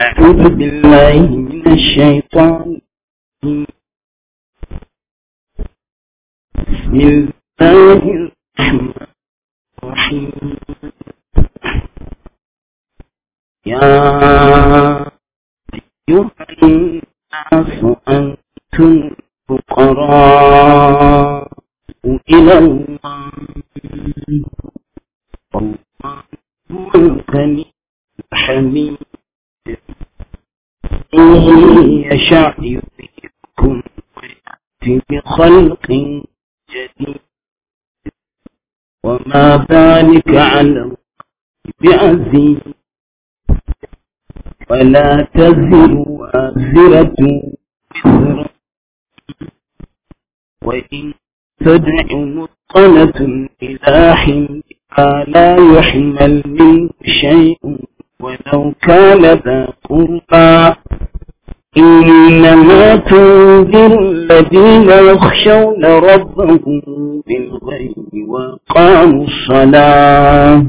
أعوذ بالله من الشيطان بسم الله الرحمن الرحيم يا أيها الناس أنتم فقراء إلى الله والله هو الغني الحميد يشاء يذهبكم ويأتي بخلق جديد وما ذلك على بعزيز ولا تزر وازرة وزر وإن تدع مثقلة إلى حملها لا يحمل منه شيء ولو كان ذا قربى إنما تنذر الذين يخشون ربهم بالغيب وقاموا الصلاة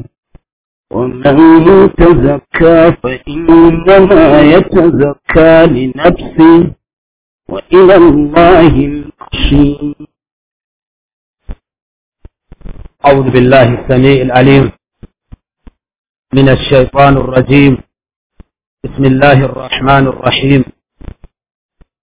ومن يتزكى فإنما يتزكى لنفسه وإلى الله المصير أعوذ بالله السميع العليم من الشيطان الرجيم بسم الله الرحمن الرحيم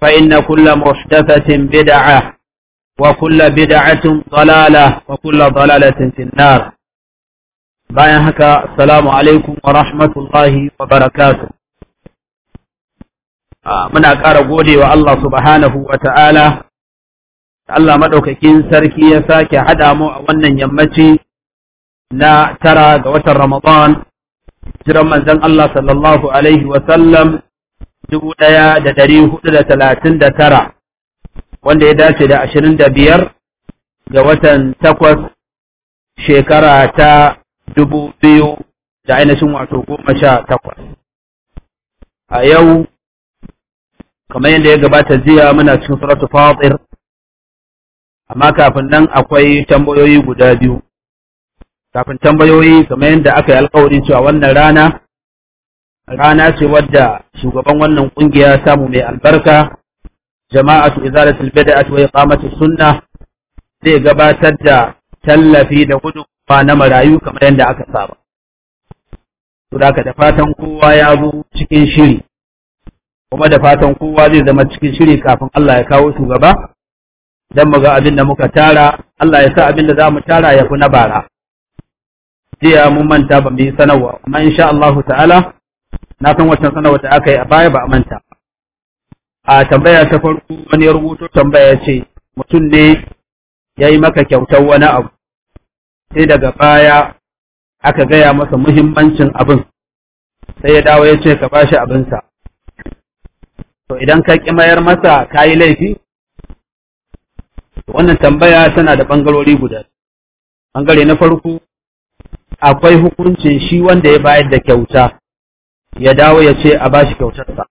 فإن كل محدثة بدعة وكل بدعة ضلالة وكل ضلالة في النار bayan haka salamu alaikum wa rahmatullahi wa barakatu muna ƙara gode wa Allah subhanahu wa ta'ala Allah maɗaukakin sarki ya sake haɗa mu a wannan yammaci na tara ga watan Ramadan jiran manzon Allah sallallahu alaihi wa sallam dubu ɗaya da ɗari hudu da talatin da tara wanda ya dace da ashirin biyar ga watan takwas shekara ta dubu biyu da ainihin wato goma sha takwas a yau kamar yadda ya gabata jiya muna cikin suratu fatir amma kafin nan akwai tambayoyi guda biyu kafin tambayoyi kamar yadda aka yi alkawari cewa wannan rana rana ce wadda shugaban wannan kungiya samu mai albarka jama'atu izalatul bid'ah wa iqamati sunna zai gabatar da tallafi da gudunmawa na marayu kamar yadda aka saba to da da fatan kowa ya zo cikin shiri kuma da fatan kowa zai zama cikin shiri kafin Allah ya kawo shugaba dan mu ga abin da muka tara Allah ya sa abin da zamu tara ya fi na bara jiya mun manta ba mu yi sanarwa amma insha Allah ta'ala na san wancan sanarwa da aka yi a baya ba a manta a tambaya ta farko wani ya rubuto tambaya ce mutum ne ya yi maka kyautar wani abu sai daga baya aka gaya masa muhimmancin abin sai ya dawo ya ce ka bashi abinsa to idan ka ƙi mayar masa ka yi laifi wannan tambaya tana da bangarori guda ɓangare na farko akwai hukuncin shi wanda ya bayar da kyauta ya dawo ya ce a ba shi kyautarsa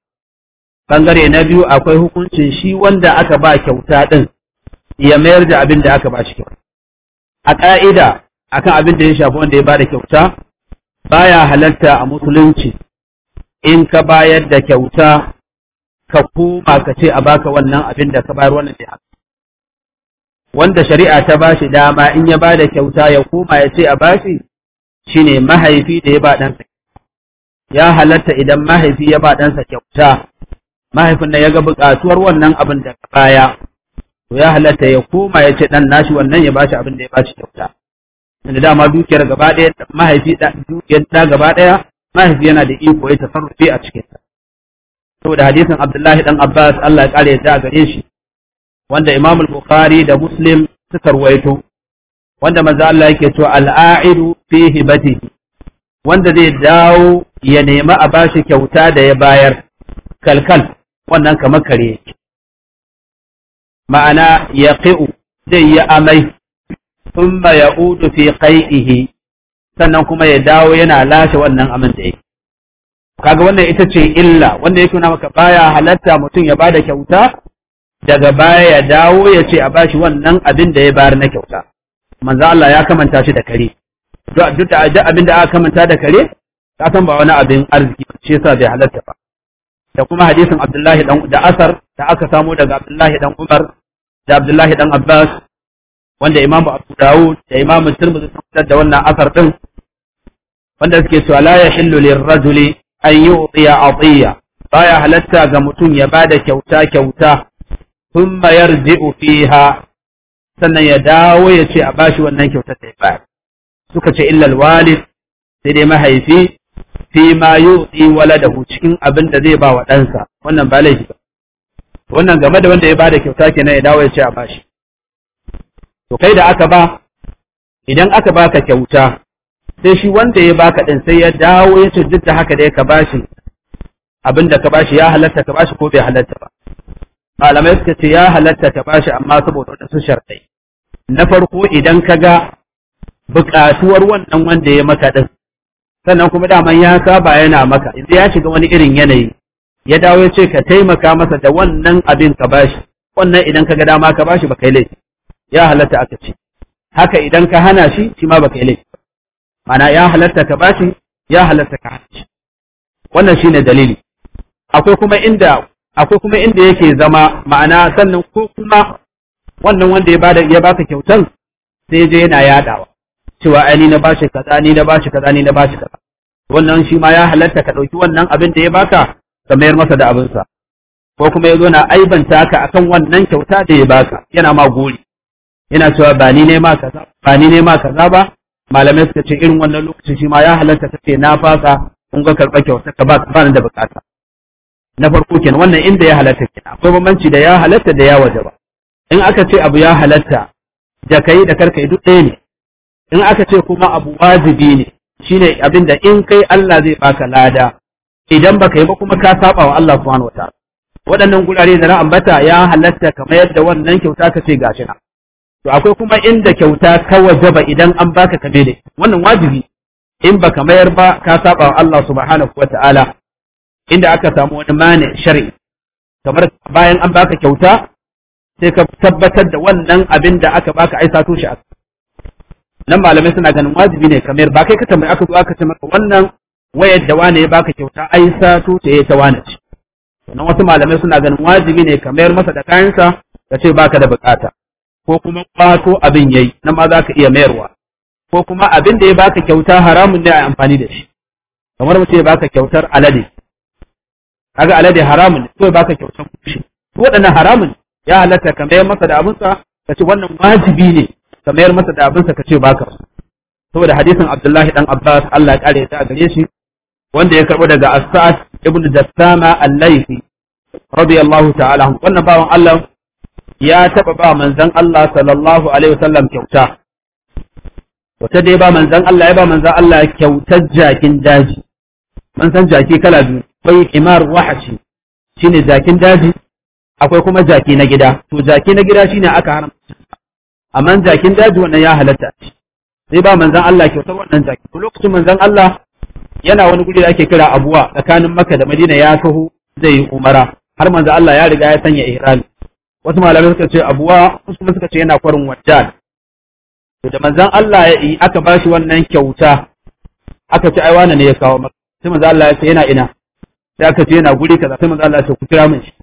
bangare na biyu akwai hukuncin shi wanda aka ba kyauta din ya mayar da abin da aka ba shi kyauta a ƙa'ida akan abin da ya shafi wanda ya bada kyauta baya halarta a musulunci in ka bayar da kyauta ka koma ka ce a baka wannan abin da ka bayar wannan bai haka wanda shari'a ta ba shi dama in ya bada kyauta ya koma ya ce a bashi shine mahaifi da ya ba ɗansa ya halatta idan mahaifi ya ba ɗansa kyauta mahaifin nan ya ga buƙatuwar wannan abin daga baya to ya halatta ya koma ya ce ɗan nashi wannan ya bashi abin da ya bashi kyauta Inda dama dukiyar gaba ɗaya mahaifi dukiyar da gaba ɗaya mahaifi yana da iko ya tafarrufe a cikin ta saboda hadisin Abdullahi dan Abbas Allah ya kare ya gare shi wanda Imam Bukhari da Muslim suka ruwaito wanda manzo Allah yake cewa al'aidu fi hibatihi wanda zai dawo ya nemi a bashi kyauta da ya bayar kalkal wannan kamar kare ma'ana ya zai yi amai ya udu fi qai'ihi sannan kuma ya dawo yana lashe wannan amin da yake kaga wannan ita ce illa wanda yake nuna maka baya halatta mutum ya bada kyauta daga baya ya dawo ya ce a bashi wannan abin da ya bayar na kyauta manzo Allah ya kamanta shi da kare duk da abin da aka kamanta da kare ka san ba wani abin arziki ba shi yasa bai halatta ba da kuma hadisin Abdullahi dan da asar da aka samu daga Abdullahi dan Umar da Abdullahi dan Abbas wanda Imam Abu Dawud da Imam Tirmidhi sun fitar da wannan asar din wanda suke cewa la yahillu lirrajuli an yu'tiya atiya baya halatta ga mutum ya bada kyauta kyauta thumma yarji'u fiha sannan ya dawo ya ce a bashi wannan kyautar da ya bayar suka ce illal walid sai dai mahaifi fi ma yuti waladahu cikin abin da zai ba wa ɗansa wannan ba laifi ba wannan game da wanda ya bada kyauta kenan ya dawo ya ce a bashi to kai da aka ba idan aka baka kyauta sai shi wanda ya baka din sai ya dawo ya ce duk da haka da ka bashi abin da ka bashi ya halatta ka bashi ko bai halatta ba malamai suka ce ya halatta ka bashi amma saboda wadansu shartai na farko idan ka ga Bukatuwar wannan wanda ya maka din sannan kuma daman ya saba yana maka idan ya shiga wani irin yanayi ya dawo ya ce ka taimaka masa da wannan abin ka bashi wannan idan ka ga dama ka bashi ba kai laifi ya halatta aka ce haka idan ka hana shi shi ma baka kai laifi mana ya halatta ka bashi ya halatta ka hana shi wannan shine dalili akwai kuma inda akwai kuma inda yake zama ma'ana sannan ko kuma wannan wanda ya bada ya baka kyautan sai je yana yadawa cewa ai ni na bashi kaza ni na bashi kaza ni na bashi kaza wannan shi ma ya halatta ka ɗauki wannan abin da ya baka ka mayar masa da abinsa ko kuma ya zo na aibanta ka akan wannan kyauta da ya baka yana ma gori yana cewa ba ni ne ma kaza ba ni ne ma kaza ba malamai suka ce irin wannan lokacin shi ma ya halatta ka ce na fasa kun ga karɓa kyauta ka ba ba ni da bukata na farko kenan wannan inda ya halatta kenan akwai bambanci da ya halatta da ya wajaba in aka ce abu ya halatta da kai da karka duk ɗaya ne in aka ce kuma abu wajibi ne shine abin da in kai Allah zai baka lada idan baka yi ba kuma ka saba wa Allah subhanahu wataala waɗannan gurare da na ambata ya halatta kamar yadda wannan kyauta ka ce gashi na to akwai kuma inda kyauta ka wajaba idan an baka ka ne wannan wajibi in baka mayar ba ka saba wa Allah subhanahu wataala inda aka samu wani mani shari'i kamar bayan an baka kyauta sai ka tabbatar da wannan abin da aka baka ai sato shi a nan malamai suna ganin wajibi ne kamar ba kai ka tambayi aka zo aka ce maka wannan wayar da wane ya baka kyauta ai sato ta yi ta wane ce sannan wasu malamai suna ganin wajibi ne kamar masa da kayansa ka ce baka da bukata ko kuma kwato abin yayi nan ma zaka iya mayarwa ko kuma abin da ya baka kyauta haramun ne a amfani da shi kamar mu ce baka kyautar alade kaga alade haramun ne ko ya baka kyautar kushi waɗannan haramun ya halatta ka mayar masa da abinsa ka ce wannan wajibi ne ka mayar masa da abinsa ka ce baka so saboda hadisin Abdullahi dan Abbas Allah ya kare ta gare shi wanda ya karbo daga as ibn Jassama Al-Laythi radiyallahu ta'ala anhu wannan bawan Allah ya taba ba manzon Allah sallallahu alaihi wasallam kyauta wata dai ba manzon Allah ya ba manzon Allah kyautar jakin daji man san jaki kala biyu akwai himar wahashi shine jakin daji akwai kuma jaki na gida to jaki na gida shine aka haramta amma jakin daji wannan ya halatta sai ba manzan Allah kyautar wannan jaki lokacin manzan Allah yana wani guri da ake kira abuwa tsakanin Makka da Madina ya taho zai yi umara har manzan Allah ya riga ya sanya ihrami wasu malamai suka ce abuwa wasu suka ce yana kwarin wajjal to da manzan Allah ya yi aka ba shi wannan kyauta aka ce ai wani ne ya kawo maka sai manzan Allah ya ce yana ina sai aka ce yana guri kaza sai manzan Allah ya ce ku kira min shi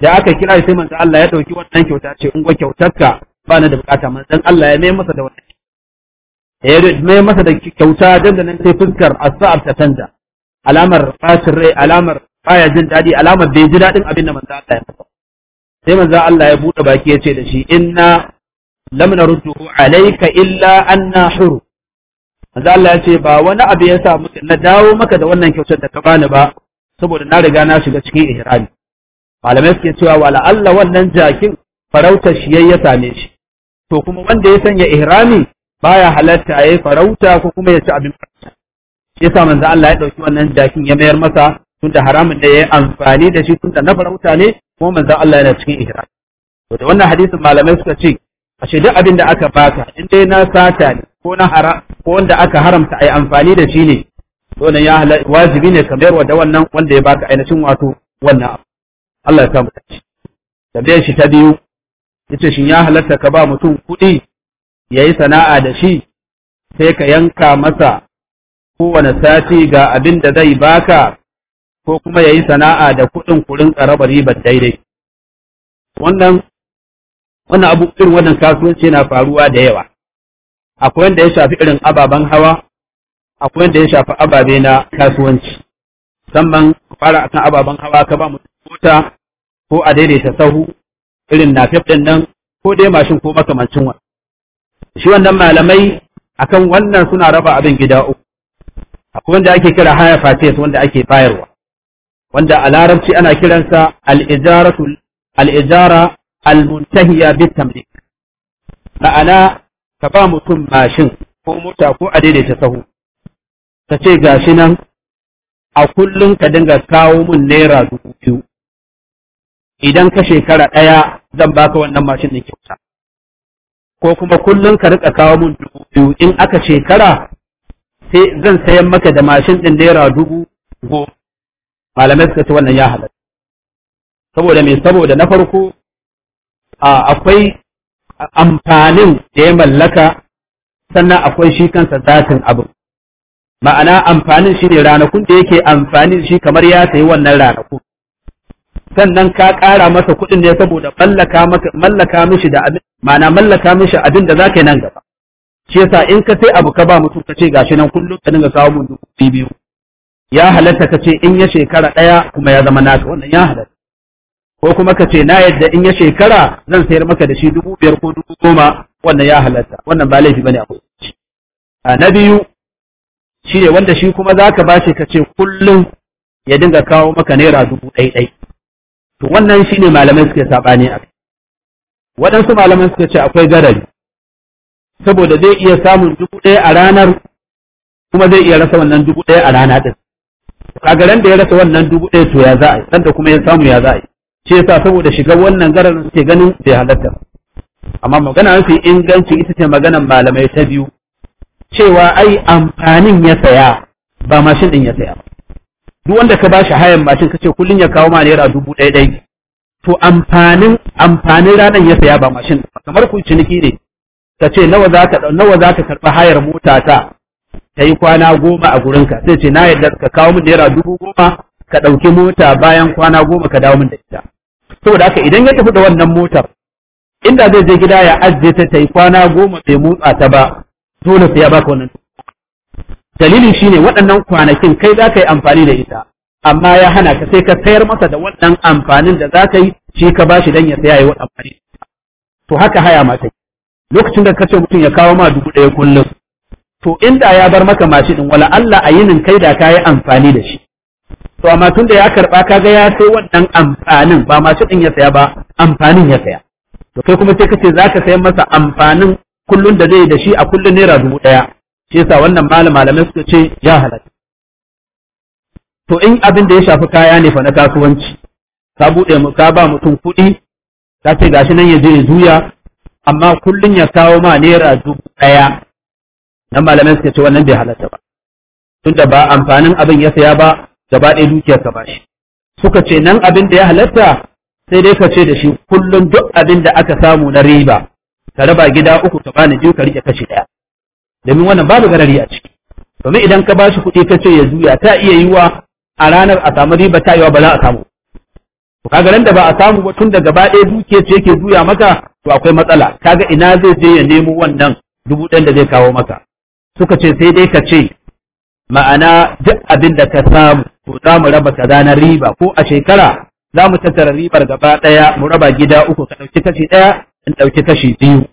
da aka kira sai manzan Allah ya dauki wannan kyauta ce in gwa kyautarka ba na da bukata manzon Allah ya mai masa da wannan ya mai masa da kyauta nan sai fuskar asa'ar ta canza alamar fashin rai alamar baya jin daɗi alamar bai ji daɗin abin da manzon Allah ya masa. sai manzon Allah ya buɗe baki ya ce da shi inna lam narudduhu alayka illa anna huru manzo Allah ya ce ba wani abu ya sa na dawo maka da wannan kyautar da ka bani ba saboda na riga na shiga cikin ihrami malamai suke cewa wala Allah wannan jakin farautar shi ya same shi to kuma wanda ya sanya ihrami baya halatta yayi farauta ko kuma ya ci abin farauta yasa manzo Allah ya dauki wannan jakin ya mayar masa tunda haramun da yayi amfani da shi tunda na farauta ne kuma manzo Allah yana cikin ihrami to da wannan hadisin malamai suka ce ashe duk abin da aka baka in dai na sata ne ko na hara ko wanda aka haramta ayi amfani da shi ne to nan ya wajibi ne ka kamar da wannan wanda ya baka ainihin wato wannan abu Allah ya samu dace tambayar shi ta biyu yace shin ya halatta ka ba mutum kuɗi ya yi sana'a da shi sai ka yanka masa kowane sati ga abin da zai baka ko kuma ya yi sana'a da kuɗin kurin raba ribar daidai wannan wannan abu irin wannan kasuwanci yana faruwa da yawa akwai wanda ya shafi irin ababen hawa akwai wanda ya shafi ababe na kasuwanci musamman fara akan ababen hawa ka ba mutum mota ko a daidaita sahu irin na din nan ko dai mashin ko makamancin wa shi wannan malamai akan wannan suna raba abin gida uku akwai wanda ake kira haya fatis wanda ake bayarwa wanda a larabci ana kiransa al-ijaratu al-ijara al-muntahiya ma'ana ka ba mutum mashin ko mota ko a daidaita sahu ka ce gashi nan a kullum ka dinga kawo mun naira dubu biyu idan ka shekara ɗaya zan baka wannan mashin din kyauta ko kuma kullum ka rika kawo mun dubu biyu in aka shekara sai zan sayan maka da mashin din naira dubu goma malamai suka ce wannan ya halatta saboda me saboda na farko akwai amfanin da ya mallaka sannan akwai shi kansa zatin abu ma'ana amfanin shi ne ranakun da yake amfanin shi kamar ya sayi wannan ranakun sannan ka ƙara masa kuɗin ne saboda mallaka mishi da abin mana mallaka mishi abin da zaka yi nan gaba shi yasa in ka sai abu ka ba mutum ka ce gashi nan kullum ka dinga kawo mun dubu biyu ya halatta ka ce in ya shekara ɗaya kuma ya zama naka wannan ya halatta ko kuma ka ce na yadda in ya shekara zan sayar maka da shi dubu biyar ko dubu goma wannan ya halatta wannan ba laifi bane ne a na biyu shi ne wanda shi kuma za ka bashi ka ce kullum ya dinga kawo maka naira dubu ɗai to wannan shine malamai suke sabani a waɗansu malamai suke ce akwai garari saboda zai iya samun dubu ɗaya a ranar kuma zai iya rasa wannan dubu ɗaya a rana ɗin kagaran da ya rasa wannan dubu ɗaya to ya za a yi sanda kuma ya samu ya za a yi ce yasa saboda shiga wannan garar suke ganin bai halatta amma magana mafi inganci ita ce maganan malamai ta biyu cewa ai amfanin ya saya ba mashin ɗin ya saya ba duk wanda ka bashi hayan mashin kace kullun ya kawo ma naira dubu ɗaya ɗaya to amfanin amfanin ranar ya saya ba mashin kamar ku ciniki ne ka ce nawa za ka nawa za ka karɓi hayar mota ta ta yi kwana goma a gurinka sai ce na yadda ka kawo min naira dubu goma ka ɗauki mota bayan kwana goma ka dawo min da ita saboda haka idan ya tafi da wannan motar inda zai je gida ya ajiye ta ta yi kwana goma bai motsa ta ba dole sai ya baka wannan dalilin shine waɗannan kwanakin kai za ka yi amfani da ita amma ya hana ka sai ka sayar masa da waɗannan amfanin da za ka yi shi ka bashi dan ya saya wa amfani to haka haya ma take lokacin da ka ce mutum ya kawo ma dubu ɗaya kullum to inda ya bar maka mashin din wala Allah a yinin kai da ka yi amfani da shi to amma tun da ya karɓa ka ga ya sai wannan amfanin ba mashin din ya saya ba amfanin ya saya to kai kuma sai ka ce za ka sayar masa amfanin kullum da zai da shi a kullum naira dubu ɗaya shi yasa wannan malam malamai suka ce ya halatta to in abin da ya shafi kaya ne fa na kasuwanci ka bude mu ka ba mutum kuɗi ka ce gashi nan ya je ya juya amma kullun ya kawo ma naira dubu ɗaya nan malamai suka ce wannan bai halatta ba tunda ba amfanin abin ya saya ba gaba ɗaya dukiyar ka bashi suka ce nan abin da ya halatta sai dai ka ce da shi kullum duk abin da aka samu na riba ka raba gida uku ka bani biyu ka rike kashi ɗaya domin wannan babu garari a ciki domin idan ka bashi kuɗi ka ce ya juya ta iya yiwa a ranar a samu riba ta yiwa ba za a samu to kaga ran da ba a samu ba tun da gaba ɗaya duke ce yake juya maka to akwai matsala kaga ina zai je ya nemo wannan dubu ɗan da zai kawo maka suka ce sai dai ka ce ma'ana duk abin da ka samu to za mu raba kaza na riba ko a shekara za mu tattara ribar gaba ɗaya mu raba gida uku ka ɗauki kashi ɗaya in ɗauki kashi biyu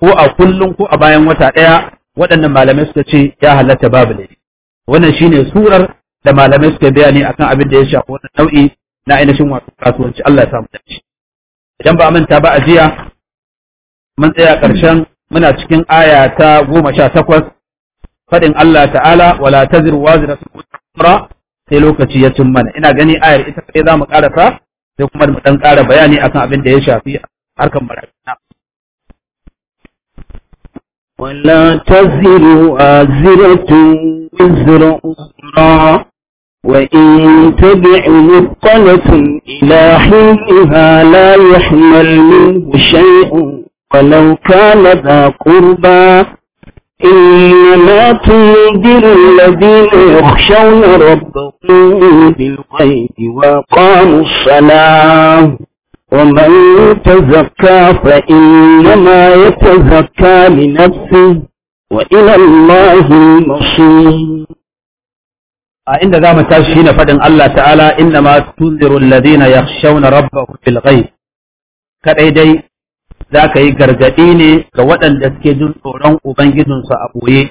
ko a kullum ko a bayan wata ɗaya waɗannan malamai suka ce ya halatta babu laifi wannan shine surar da malamai suka bayani akan abin da ya shafi wannan nau'i na ainihin wato kasuwanci Allah ya samu dace idan ba manta ba a jiya mun tsaya ƙarshen muna cikin aya ta goma sha takwas faɗin Allah ta'ala wala tazir wazira ukhra sai lokaci ya cin mana ina gani ayar ita kai za mu ƙarasa sai kuma mu ɗan ƙara bayani akan abin da ya shafi harkan barakata ولا تزر آزرة وزر أخرى وإن تبع مثقلة إلى حينها لا يحمل منه شيء ولو كان ذا قربى إنما تنذر الذين يخشون ربهم بالغيب وقاموا الصلاة ومن يتزكى فإنما يتزكى لنفسه وإلى الله المصير عند آه، ذا متاشين فدن الله تعالى إنما تنذر الذين يخشون ربه في الغيب كأيدي ذاك يقرقديني كوأن دسكيزون أوران أبنجدون سأبوي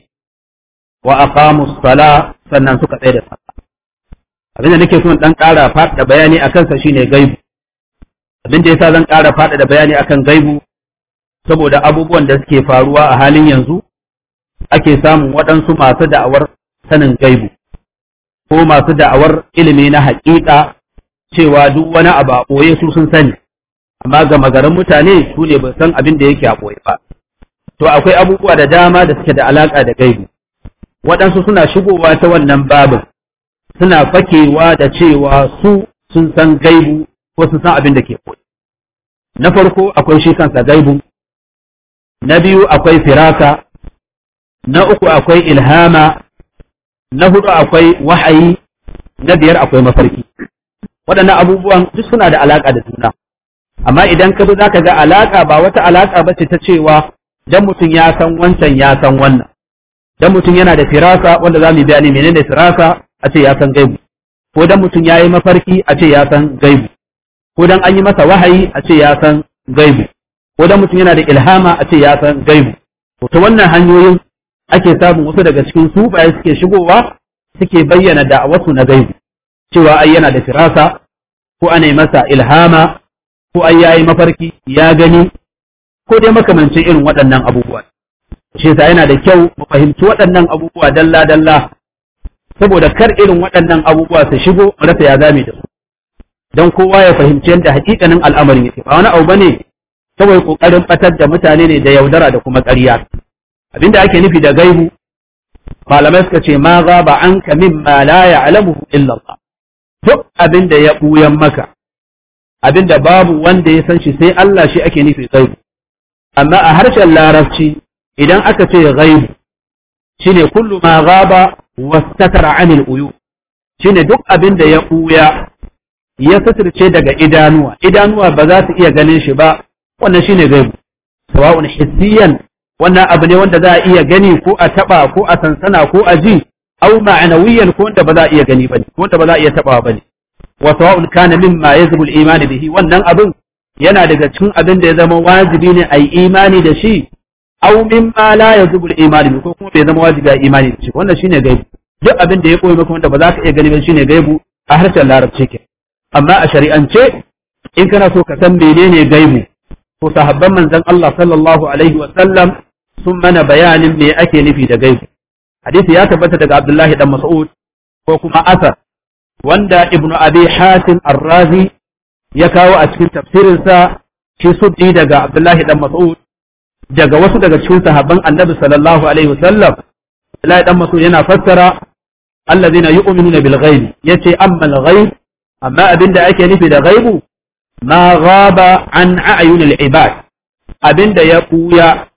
وأقاموا الصلاة سننسك أيدي الصلاة abinda nake son dan kara fada bayani akan sa shine abin da yasa zan ƙara faɗaɗa bayani akan gaibu saboda abubuwan da suke faruwa a halin yanzu ake samun waɗansu masu da'awar sanin gaibu ko masu da'awar ilimi na haƙiƙa cewa duk wani abu a ɓoye su sun sani amma ga magarin mutane su ne ba san abin da yake a ɓoye ba to akwai abubuwa da dama da suke da alaƙa da gaibu waɗansu suna shigowa ta wannan babin suna fakewa da cewa su sun san gaibu ko su san abin da ke koyi na farko akwai shi kansa gaibu na biyu akwai firaka na uku akwai ilhama na hudu akwai wahayi na biyar akwai mafarki waɗannan abubuwan duk suna da alaƙa da juna amma idan ka bi za ka ga alaƙa ba wata alaƙa ba ce ta cewa dan mutum ya san wancan ya san wannan dan mutum yana da firasa wanda za mu bayani menene firasa a ce ya san gaibu ko dan mutum ya yi mafarki a ce ya san gaibu ko dan an yi masa wahayi a ce ya san gaibu ko dan mutum yana da ilhama a ce ya san gaibu to ta wannan hanyoyin ake samun wasu daga cikin su sufaye suke shigowa suke bayyana da wasu na gaibu cewa ai yana da firasa ko an yi masa ilhama ko ai yayi mafarki ya gani ko dai makamancin irin waɗannan abubuwa shi yasa yana da kyau mu fahimci waɗannan abubuwa dalla dalla saboda kar irin waɗannan abubuwa su shigo mu rasa ya zame da su dan kowa ya fahimci yadda hakikanin al'amarin yake ba wani abu bane kawai kokarin batar da mutane ne da yaudara da kuma ƙarya abinda ake nufi da gaibu malamai suka ce ma gaba anka mimma la ya'lamuhu illa Allah duk abinda ya buyan maka abinda babu wanda ya san shi sai Allah shi ake nufi gaihu. amma a harshen larabci idan aka ce gaibu shine kullu ma gaba wastatara anil uyu shine duk abinda ya buya ya suturce daga idanuwa idanuwa ba za su iya ganin shi ba wannan shine gaibu sawa'un hissiyan wannan abu ne wanda za a iya gani ko a taba ko a sansana ko a ji aw ma'anawiyan ko wanda ba za a iya gani bane ko wanda ba za a iya taba bane wa sawa'un kana mimma yazbu al-iman bihi wannan abin yana daga cikin abin da ya zama wajibi ne ai imani da shi aw mimma la yazbu al-iman bihi ko kuma bai zama wajibi a imani da shi wannan shine gaibu duk abin da ya koyi maka wanda ba za ka iya gani ba shine gaibu a harshen larabci kenan amma a shari'ance in kana so ka san menene gaibu to sahabban manzon Allah sallallahu alaihi wa sallam sun mana bayanin me ake nufi da gaibu hadisi ya tabbata daga Abdullahi dan Mas'ud ko kuma asar wanda Ibn Abi Hatim Ar-Razi ya kawo a cikin tafsirinsa shi suddi daga Abdullahi dan Mas'ud daga wasu daga cikin sahabban Annabi sallallahu alaihi wasallam Abdullahi dan Mas'ud yana fassara allazina yu'minuna bil ghaib yace amma al amma abinda ake nufi da gaibu ma gaba an a'yunil ibad abinda ya kuya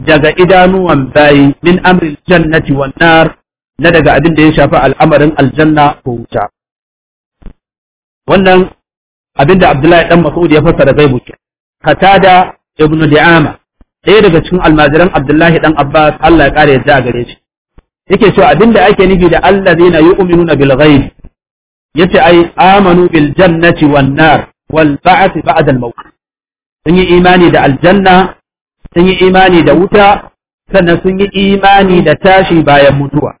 daga idanuwan bayi min amril jannati wan nar na daga abinda ya shafi al'amarin aljanna ko wuta wannan abinda Abdullahi dan Mas'ud ya fassara ghaibu ke Qatada ibn Di'ama ɗaya daga cikin almajiran Abdullahi dan Abbas Allah ya kare yadda gare shi yake cewa abinda ake nufi da allazina yu'minuna bil ghaib yace ai amanu bil jannati wan nar wal ba'th ba'da al maut sun yi imani da aljanna sun yi imani da wuta sannan sun yi imani da tashi bayan mutuwa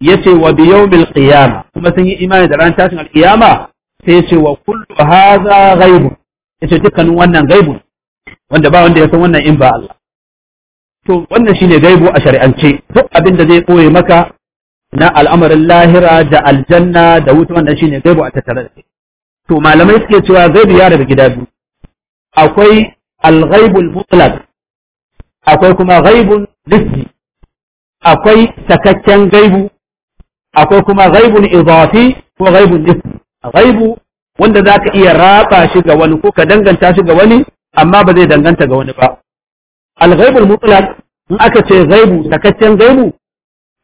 yace wa bi yawmil qiyama kuma sun yi imani da ran tashin al qiyama sai yace wa kullu hadha ghaib yace dukkanin wannan gaibu wanda ba wanda ya san wannan in ba Allah to wannan shine gaibu a shari'ance duk abin da zai koye maka na al'amarin lahira da aljanna da wuta wannan shine gaibu a tattare da to malamai suke cewa gaibu ya rabu gida biyu akwai al mutlak akwai kuma gaibun nisbi akwai sakakken gaibu akwai kuma ghaibun idafi ko ghaibun nisbi gaibu wanda za ka iya raba shi ga wani ko ka danganta shi ga wani amma ba zai danganta ga wani ba al mutlak in aka ce gaibu sakakken gaibu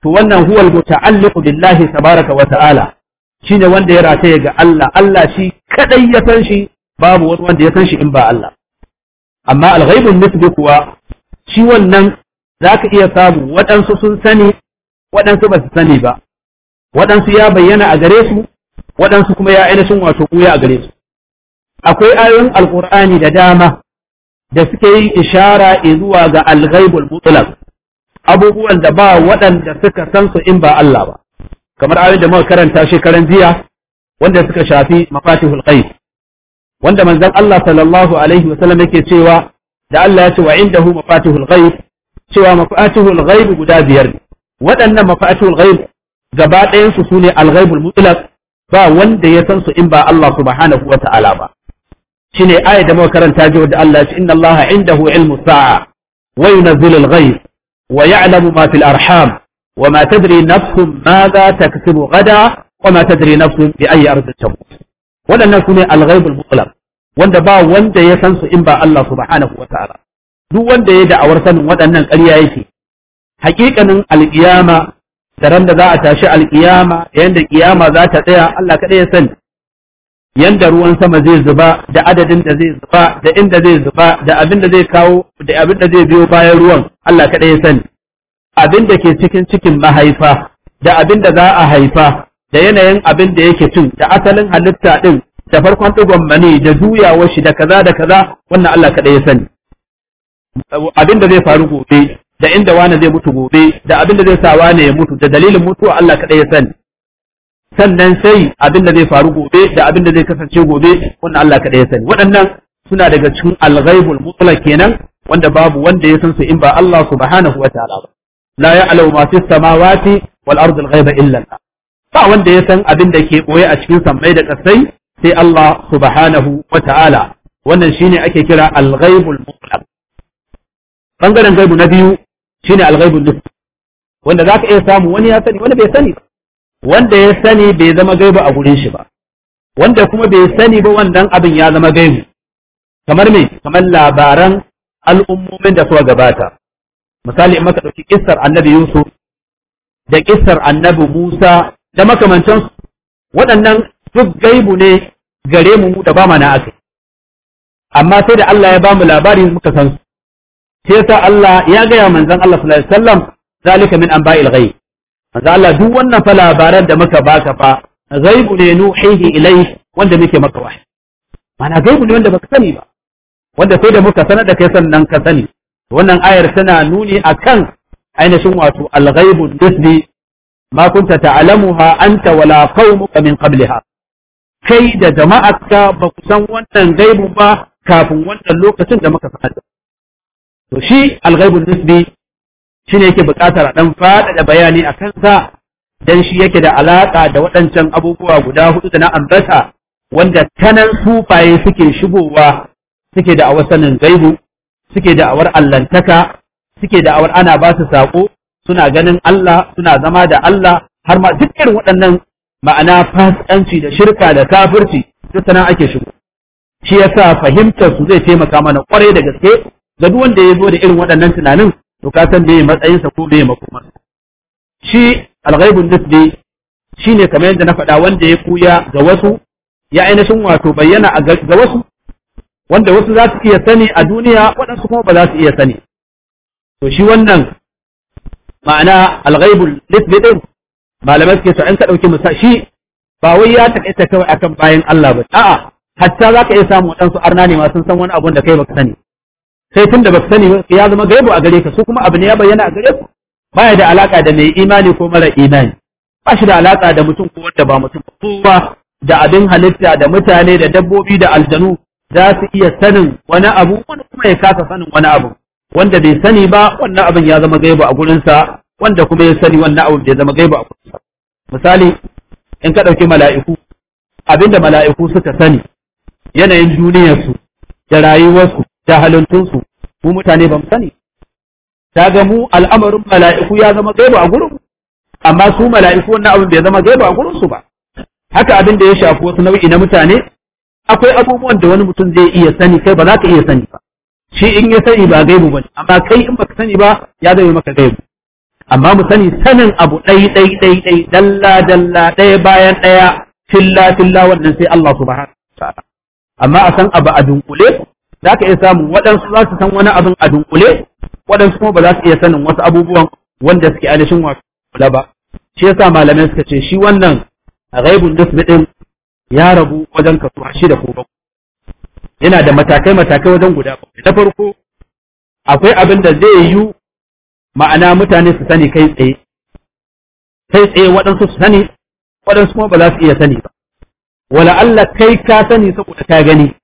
to wannan huwal al-muta'alliqu billahi tabaraka wa ta'ala shine wanda ya rataye ga Allah Allah shi kadai ya san shi babu wani wanda ya san shi in ba Allah amma al-ghaibun nisbi kuwa shi wannan zaka iya samu waɗansu sun sani waɗansu ba su sani ba waɗansu ya bayyana a gare su waɗansu kuma ya ainihin wato kuya a gare su akwai ayoyin alƙur'ani da dama da suke yi ishara zuwa ga al-ghaibul mutlaq abubuwan da ba waɗanda suka san su in ba Allah ba kamar ayoyin da muka karanta shekaran jiya wanda suka shafi mafatihul ghaib wanda manzon Allah sallallahu alaihi wa sallam yake cewa da Allah ya ce wa indahu mafatihul ghaib cewa mafatihul ghaib guda biyar ne waɗannan mafatihul ghaib gaba ɗayan su sune al-ghaibul mutlaq ba wanda ya san su in ba Allah subhanahu wa ta'ala ba shine aya da muka karanta jiya da Allah ya ce inna Allah indahu ilmu sa'a wa yunzilu al-ghaib ويعلم ما في الأرحام وما تدري نفس ماذا تكسب غدا وما تدري نفس بأي أرض تموت ولا نسمع الغيب المطلق وان با وان دا يسنس إنبا الله سبحانه وتعالى دو وان دا يدع وان ان الياتي حقيقة من القيامة ترند ذا أتاشع القيامة عند القيامة ذات تتيا الله كده yanda ruwan sama zai zuba da adadin da zai zuba da inda zai zuba da abin da zai kawo da abin da zai biyo bayan ruwan Allah kaɗai ya sani abin da ke cikin cikin mahaifa da abin da za a haifa da yanayin abin da yake cin da asalin halitta din da farkon digon mani da juyawa shi da kaza da kaza wannan Allah kaɗai ya sani abin da zai faru gobe da inda wani zai mutu gobe da abin da zai sa wani ya mutu da dalilin mutuwa Allah kaɗai ya sani sannan sai abin da zai faru gobe da abin da zai kasance gobe wannan Allah kaɗai ya sani waɗannan suna daga cikin alghaibul mutlaq kenan wanda babu wanda ya san su in ba Allah subhanahu wa ta'ala ba la ya'lamu ma fis samawati wal ardi al-ghaiba illa Allah ba wanda ya san abin da ke boye a cikin sammai da kasai sai Allah subhanahu wa ta'ala wannan shine ake kira al-ghaibul mutlaq bangaren gaibu na biyu shine al-ghaibul nisbi wanda zaka iya samu wani ya sani wani bai sani ba wanda ya sani bai zama gaibu a gurin shi ba wanda kuma bai sani ba wannan abin ya zama gaibu kamar me kamar labaran al'ummomin da suka gabata misali in maka dauki kissar annabi Yusuf da kissar annabi Musa da makamantan waɗannan duk gaibu ne gare mu da ba mana akai amma sai da Allah ya ba mu labari muka san su sai yasa Allah ya ga manzon Allah sallallahu alaihi wasallam zalika min anba'il ghaib manzo Allah duk wannan fa labaran da muka baka fa ghaibu ne nuhihi ilayhi wanda muke maka wahayi mana gaibu ne wanda baka sani ba wanda sai da muka sanar da kai sannan ka sani wannan ayar tana nuni akan ainihin wato al-ghaibu nisbi ma kunta ta'lamuha anta wala qaumuka min qabliha, kai da jama'arka ba ku san wannan gaibu ba kafin wannan lokacin da muka sanar to shi al-ghaibu nisbi ne yake buƙatar a ɗan faɗaɗa bayani a kansa don shi yake da alaƙa da waɗancan abubuwa guda hudu da na ambata wanda tanan sufaye suke shigowa suke da awar sanin gaibu suke da awar allantaka suke da awar ana ba su saƙo suna ganin Allah suna zama da Allah har ma duk irin waɗannan ma'ana fasikanci da shirka da kafirci duk tana ake shigo shi yasa fahimtar su zai taimaka mana kwarai da gaske ga duk wanda ya zo da irin waɗannan tunanin to ka san me matsayinsa ko me makoma shi alghaibun nisbi shine kamar yadda na faɗa wanda ya kuya ga wasu ya ainihin wato bayyana ga wasu wanda wasu za su iya sani a duniya waɗansu kuma ba za su iya sani to shi wannan ma'ana alghaibul nisbi din malamai suke to an ka dauki musa shi ba wai ya takaita kawai akan bayan Allah ba a'a hatta za ka iya samu waɗansu arna ne ma sun san wani abun da kai baka sani sai tun da ba sani ya zama gaibu a gare ka su kuma abu ne ya bayyana a gare ku ya da alaka da mai imani ko mara imani ba shi da alaka da mutum ko wanda ba mutum kowa da abin halitta da mutane da dabbobi da aljanu za su iya sanin wani abu wani kuma ya kasa sanin wani abu wanda bai sani ba wannan abin ya zama gaibu a gurinsa wanda kuma ya sani wannan abin bai zama gaibu a gurinsa misali in ka ɗauki mala'iku abinda mala'iku suka sani yanayin duniyarsu da rayuwarsu jahalantunsu mu mutane ba mu sani ta ga mu al'amarin mala'iku ya zama gaiba a gurin amma su mala'iku wannan abin bai zama gaiba a gurinsu ba haka abin da ya shafi wasu nau'i na mutane akwai abubuwan da wani mutum zai iya sani kai ba za ka iya sani ba shi in ya sani ba gaibu ba amma kai in baka sani ba ya zama maka gaibu amma mu sani sanin abu ɗai ɗai ɗai ɗai dalla dalla ɗaya bayan ɗaya filla filla wannan sai Allah subhanahu wa ta'ala amma a san abu a dunkule za ka iya samun waɗansu za su san wani abin a dunkule waɗansu kuma ba za su iya sanin wasu abubuwan wanda suke ainihin kula ba shi yasa malamai suka ce shi wannan a gaibun nisbi ɗin ya rabu wajen kasuwa shi da kuma yana da matakai matakai wajen guda bakwai na farko akwai abin da zai yiwu ma'ana mutane su sani kai tsaye kai tsaye waɗansu su sani waɗansu kuma ba za su iya sani ba wala Allah kai ka sani saboda ka gani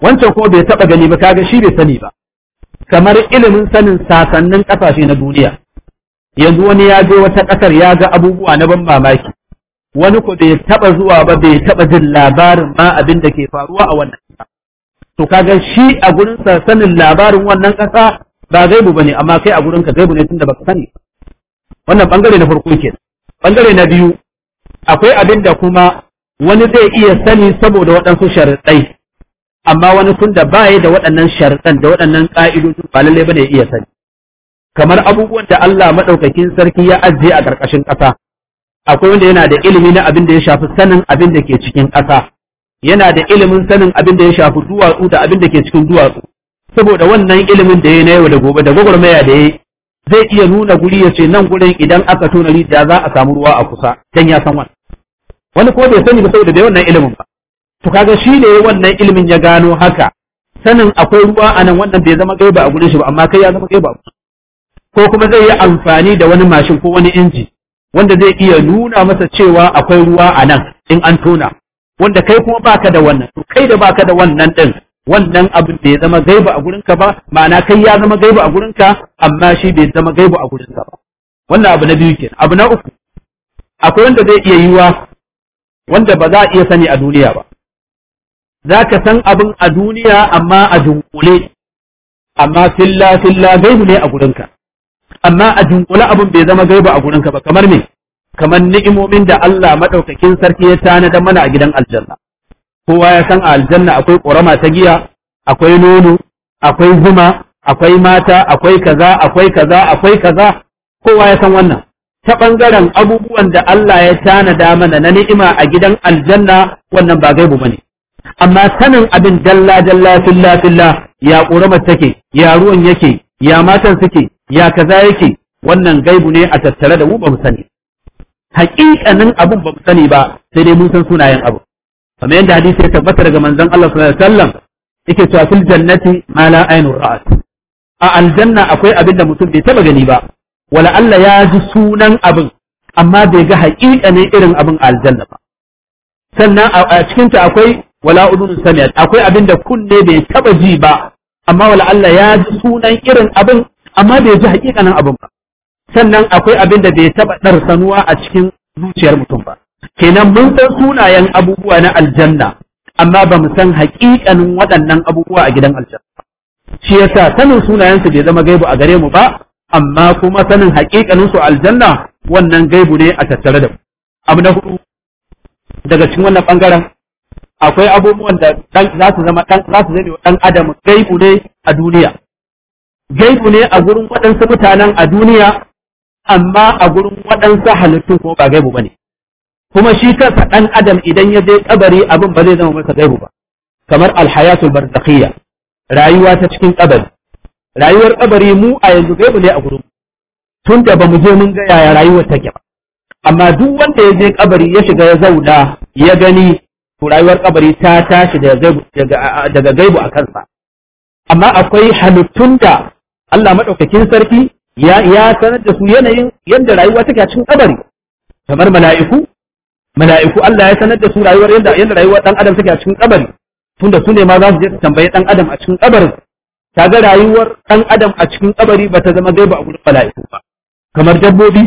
wancan kuma bai taba gani ba kaga shi bai sani ba kamar ilimin sanin sasannin kasashe na duniya yanzu wani ya je wata kasar ya ga abubuwa na ban mamaki wani ko bai taba zuwa ba bai taba jin labarin ma abin da ke faruwa a wannan kasa to kaga shi a gurin sa sanin labarin wannan kasa ba gaibu bane amma kai a gurin ka gaibu ne tunda baka sani wannan bangare na farko ke bangare na biyu akwai abin da kuma wani zai iya sani saboda waɗansu sharaɗai amma wani tun da baya da waɗannan sharɗan da waɗannan ƙa'idodin ba lallai ba ya iya sani kamar abubuwan da Allah maɗaukakin sarki ya ajiye a ƙarƙashin ƙasa akwai wanda yana da ilimi na abin da ya shafi sanin abin da ke cikin ƙasa yana da ilimin sanin abin da ya shafi duwatsu da abin da ke cikin duwatsu saboda wannan ilimin da ya na yau da gobe da gwagwarmaya da ya zai iya nuna guri ya ce nan gurin idan aka tona rijiya za a samu ruwa a kusa dan ya san wani. wani ko bai sani ba saboda bai wannan ilimin ba to kaga shi ne wannan ilimin ya gano haka sanin akwai ruwa a nan wannan bai zama gaiba a gurin shi ba amma kai ya zama gaiba ko kuma zai yi amfani da wani mashin ko wani inji wanda zai iya nuna masa cewa akwai ruwa a nan in an tona wanda kai kuma baka da wannan to kai da baka da wannan din wannan abin bai zama gaiba a gurinka ba ma'ana kai ya zama gaiba a gurinka amma shi bai zama gaiba a gurinka ba wannan abu na biyu ke abu na uku akwai wanda zai iya yiwa wanda ba za a iya sani a duniya ba za ka san abin a duniya amma a dunkule amma filla filla gaibu ne a gurinka amma a dunkule abin bai zama gaibu a gurinka ba kamar me kamar ni'imomin da Allah madaukakin sarki ya tanada mana a gidan aljanna kowa ya san a aljanna akwai korama ta giya akwai nono akwai zuma akwai mata akwai kaza akwai kaza akwai kaza kowa ya san wannan ta ɓangaren abubuwan da Allah ya tanada mana na ni'ima a gidan aljanna wannan ba gaibu bane amma sanin abin dalla dalla filla filla ya ƙuramar take ya ruwan yake ya matan suke ya kaza yake wannan gaibu ne a tattare da mu ba sani haƙiƙanin abin ba mu sani ba sai dai mun san sunayen abu kamar yadda hadisi ya tabbata daga manzon Allah sallallahu alaihi wasallam yake cewa fil jannati ma la aynu ra'at a aljanna akwai abin da mutum bai taba gani ba wala Allah ya ji sunan abin amma bai ga haƙiƙanin irin abin aljanna ba sannan a cikinta akwai wala udun sami'at akwai abin da kunne bai taba ji ba amma wala Allah ya ji sunan irin abin amma bai ji hakikanin abin ba sannan akwai abin da bai taba sanuwa a cikin zuciyar mutum ba kenan mun san sunayen abubuwa na aljanna amma ba mu san hakikanin waɗannan abubuwa a gidan aljanna shi yasa sanin sunayensu bai zama gaibu a gare mu ba amma kuma sanin hakikanin su aljanna wannan gaibu ne a tattare da mu abu na hudu daga cikin wannan bangaren akwai abubuwan da za su zama dan za su zame wa dan adam gaibu ne a duniya gaibu ne a gurin waɗansu mutanen a duniya amma a gurin waɗansu halittu ko ba gaibu bane kuma shi kansa dan adam idan ya je kabari abin ba zai zama masa gaibu ba kamar alhayatul barzakhiyya rayuwa ta cikin kabari rayuwar kabari mu a yanzu gaibu ne a gurin tun da bamu je mun ga yaya rayuwar take ba amma duk wanda ya je kabari ya shiga ya zauna ya gani to rayuwar kabari ta tashi daga gaibu a kansa amma akwai halittun da Allah maɗaukakin sarki ya sanar da su yanayin yadda rayuwa take a cikin kabari kamar mala'iku mala'iku Allah ya sanar da su rayuwar yadda yadda rayuwar dan adam take a cikin kabari tunda su ne ma za su je su tambayi dan adam a cikin kabarin ga rayuwar dan adam a cikin kabari ba ta zama gaiba a gurin mala'iku ba kamar dabbobi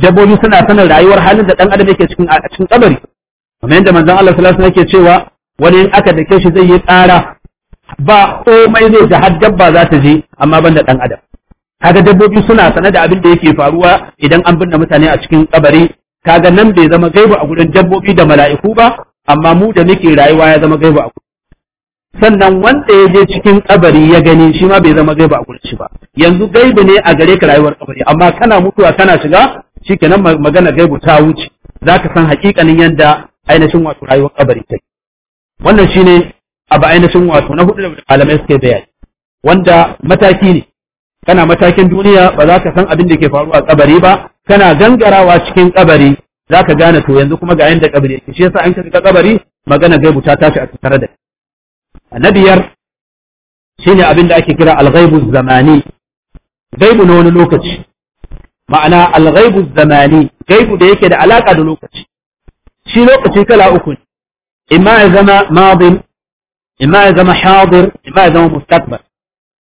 dabbobi suna sanin rayuwar halin da dan adam yake cikin a cikin kabari kamar yadda manzon Allah sallallahu alaihi yake cewa wani in aka dake shi zai yi tsara ba komai zai ji har dabba za ta je amma ban da dan adam kaga dabbobi suna sane da abin da yake faruwa idan an binne mutane a cikin kabari kaga nan bai zama gaibu a gurin dabbobi da mala'iku ba amma mu da muke rayuwa ya zama gaibu a gurin sannan wanda ya je cikin kabari ya gani shi ma bai zama gaibu a gurin ba yanzu gaibu ne a gare ka rayuwar kabari amma kana mutuwa kana shiga shi shikenan magana gaibu ta wuce Za ka san hakikanin yadda ainihin wato rayuwar kabari take wannan shine abu ainihin wato na hudu da malamai suke bayani wanda mataki ne kana matakin duniya ba za ka san abin da ke faruwa a kabari ba kana gangarawa cikin kabari za ka gane to yanzu kuma ga yanda kabari yake shi yasa an kaga kabari magana gaibu ta tashi a tattare da biyar shine abin da ake kira al zamani gaibu na wani lokaci ma'ana al zamani gaibu da yake da alaka da lokaci shi lokaci kala uku imma ya zama madin imma ya zama hadir imma ya zama mustaqbal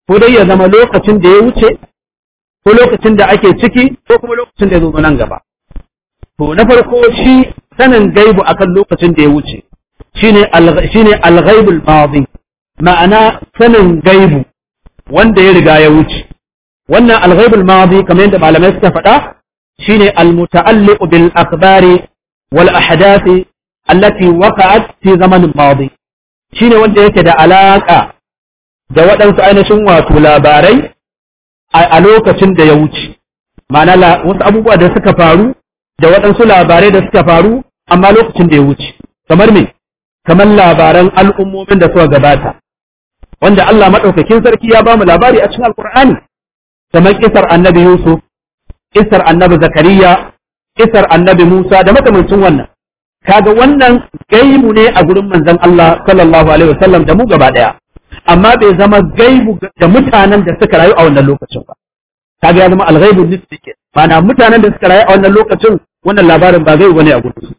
ko dai ya zama lokacin da ya wuce ko lokacin da ake ciki ko kuma lokacin da ya zo nan gaba to na farko shi sanin gaibu akan lokacin da ya wuce shine shine al-ghaibul madi ma'ana sanin gaibu wanda ya riga ya wuce wannan al-ghaibul madi kamar yadda malamai suka faɗa shine al-muta'alliq bil akhbari والأحداث التي وقعت في زمن ماضي shine wanda yake da alaka da waɗansu ainihin wato labarai a lokacin da ya wuce ma'ana wasu abubuwa da suka faru da waɗansu labarai da suka faru amma lokacin da ya wuce kamar me kamar labaran al'ummomin da suka gabata wanda Allah maɗaukakin sarki ya ba mu labari a cikin alkur'ani kamar ƙisar annabi yusuf ƙisar annabi zakariya kisar annabi Musa da makamancin wannan kaga wannan gaibu ne a gurin manzon Allah sallallahu alaihi wasallam da mu gaba daya amma bai zama gaibu da mutanen da suka rayu a wannan lokacin ba kaga ya zama alghaibu nisbi ke ma'ana mutanen da suka rayu a wannan lokacin wannan labarin ba gaibu bane a gurin su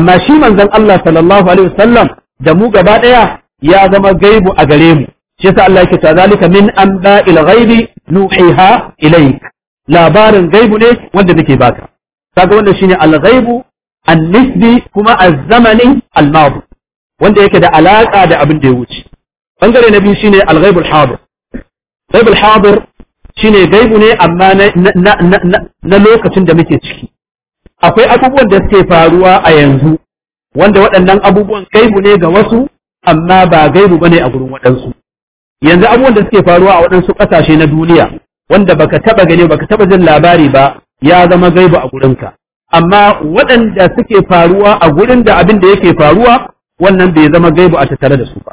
amma shi manzon Allah sallallahu alaihi wasallam da mu gaba daya ya zama gaibu a gare mu shi yasa Allah yake cewa zalika min anba'il ghaibi nuhiha ilayk labarin gaibu ne wanda nake baka kaga wannan shine al-ghaibu an-nisbi kuma az-zamani al wanda yake da alaka da abin da ya wuce bangare na biyu shine al-ghaibu al-hadir ghaibu al-hadir shine gaibu ne amma na lokacin da muke ciki akwai abubuwan da suke faruwa a yanzu wanda waɗannan abubuwan gaibu ne ga wasu amma ba gaibu bane a gurin waɗansu yanzu abubuwan da suke faruwa a waɗansu ƙasashe na duniya wanda baka taba gani baka taba jin labari ba ya zama gaibu a gurinka amma waɗanda suke faruwa a gurin da abin da yake faruwa wannan bai zama gaibu a tattare da su ba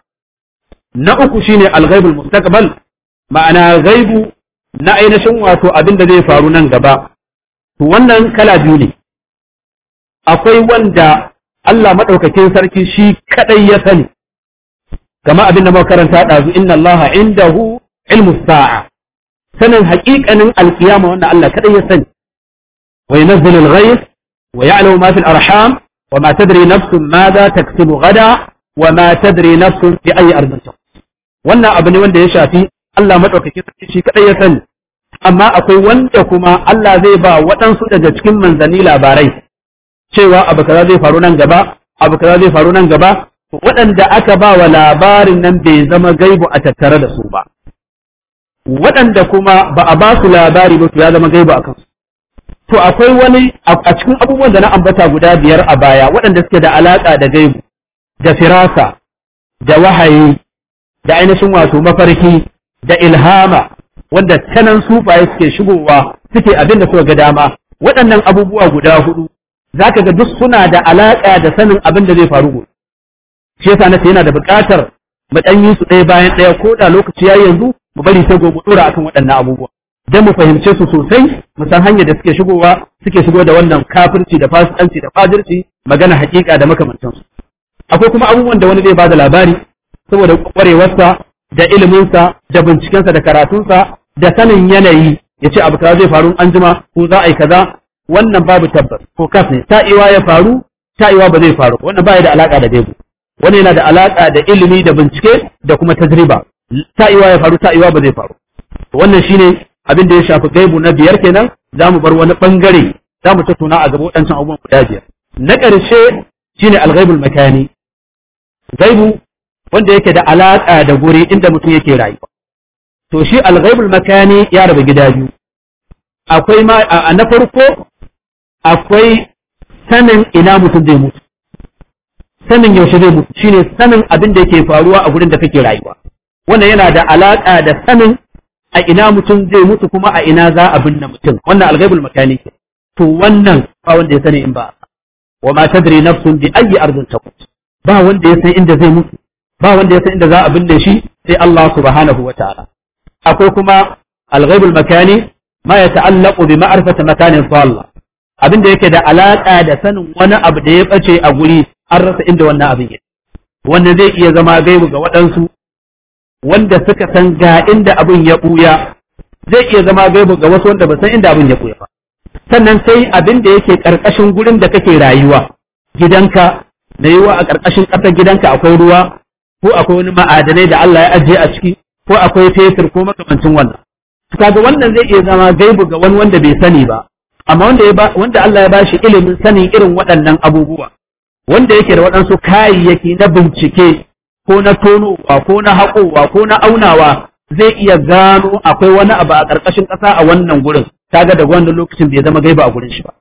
na uku shine alghaibul mustaqbal ma'ana gaibu na ainihin wato abin da zai faru nan gaba to wannan kala biyu ne akwai wanda Allah madaukakin sarki shi kadai ya sani kama abin da muka karanta dazu inna Allah indahu ilmus sa'a sanin hakikanin alkiyama wanda Allah kadai ya sani وينزل الغيث ويعلم ما في الأرحام وما تدري نفس ماذا تكسب غدا وما تدري نفس بأي أرض تقوم wannan abu ne wanda ya shafi Allah maɗaukakin sarki shi kaɗai ya sani amma akwai wanda kuma Allah zai ba waɗansu daga cikin manzani labarai cewa abu kaza zai faru nan gaba abu kaza zai faru nan gaba waɗanda aka ba wa labarin nan bai zama gaibu a tattare da su ba waɗanda kuma ba a basu labari ba su ya zama a kansu to akwai wani a cikin abubuwan da na ambata guda biyar a baya waɗanda suke da alaƙa da gaibu da firasa da wahayi da ainihin wato mafarki da ilhama wanda tanan sufaye suke shigowa suke abin da suka ga dama waɗannan abubuwa guda hudu zaka ga duk suna da alaƙa da sanin abin da zai faru gobe shi yasa ce yana da buƙatar mu ɗan yi su ɗaya bayan ɗaya ko da lokaci ya yanzu mu bari sai gobe ɗora akan waɗannan abubuwa dan mu fahimce su sosai mu san hanyar da suke shigowa suke shigo da wannan kafirci da fasikanci da fajirci magana hakika da makamantansu akwai kuma abubuwan da wani zai bada labari saboda kwarewarsa da iliminsa da bincikensa da karatunsa da sanin yanayi ya ce abu kaza zai faru an jima ko za a yi kaza wannan babu tabbas ko kas ne ta'iwa ya faru ta'iwa ba zai faru wannan ba da alaka da gaibu wannan yana da alaka da ilimi da bincike da kuma tajriba ta'iwa ya faru ta'iwa ba zai faru wannan shine abin da ya shafi gaibu na biyar kenan za mu bar wani bangare za mu tattauna a gaba waɗancan abubuwan guda biyar na ƙarshe shine alghaibul makani gaibu wanda yake da alaƙa da guri inda mutum yake rayuwa to shi alghaibul makani ya raba gida biyu akwai ma a na farko akwai sanin ina mutum zai mutu sanin yaushe zai mutu shine sanin abin da yake faruwa a gurin da kake rayuwa wannan yana da alaƙa da sanin a ina mutum zai mutu kuma a ina za a binne mutum wannan alghaibul makani to wannan ba wanda ya sani in ba wa ma tadri nafsun bi ayi ardin taqut ba wanda ya san inda zai mutu ba wanda ya san inda za a binne shi sai Allah subhanahu wa ta'ala akwai kuma alghaibul makani ma yata'allaqu bi ma'rifati makanin salla abinda yake da alaka da sanin wani abu da ya bace a guri an rasa inda wannan abin yake wannan zai iya zama gaibu ga waɗansu wanda suka san ga inda abin ya buya zai iya zama gaibu ga wasu wanda ba san inda abin ya buya ba sannan sai abin da yake karkashin gurin da kake rayuwa gidanka da yiwa a karkashin ƙasar gidanka akwai ruwa ko akwai wani ma'adanai da Allah ya ajiye a ciki ko akwai fetur ko makamancin wannan kaga wannan zai iya zama gaibu ga wani wanda bai sani ba amma wanda ya wanda Allah ya bashi ilimin sanin irin waɗannan abubuwa wanda yake da waɗansu kayayyaki na bincike ko na tonowa ko na haƙowa ko na aunawa zai iya gano akwai wani abu a ƙarƙashin ƙasa a wannan gurin kaga daga wannan lokacin bai zama gaiba a gurin shi ba